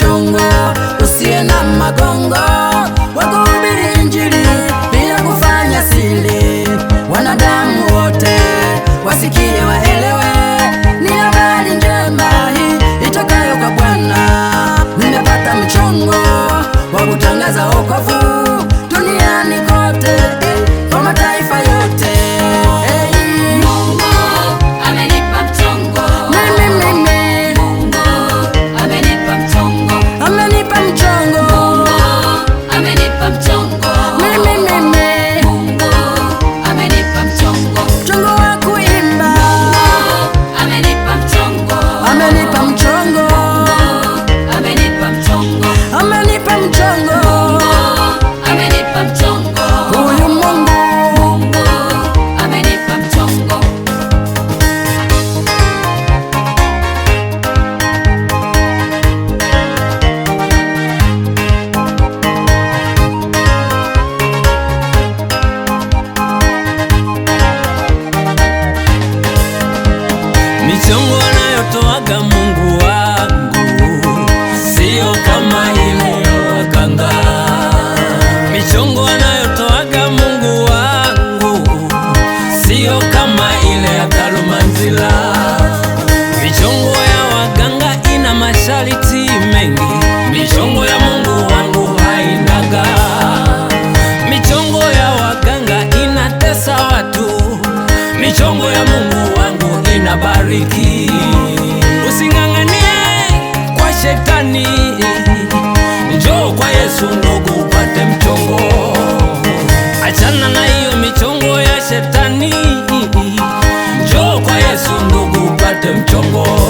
mchongo, usiye na magongo, wakuhubiri Injili bila kufanya sili wanadamu wote wasikie, waelewe Brasilar. 中国。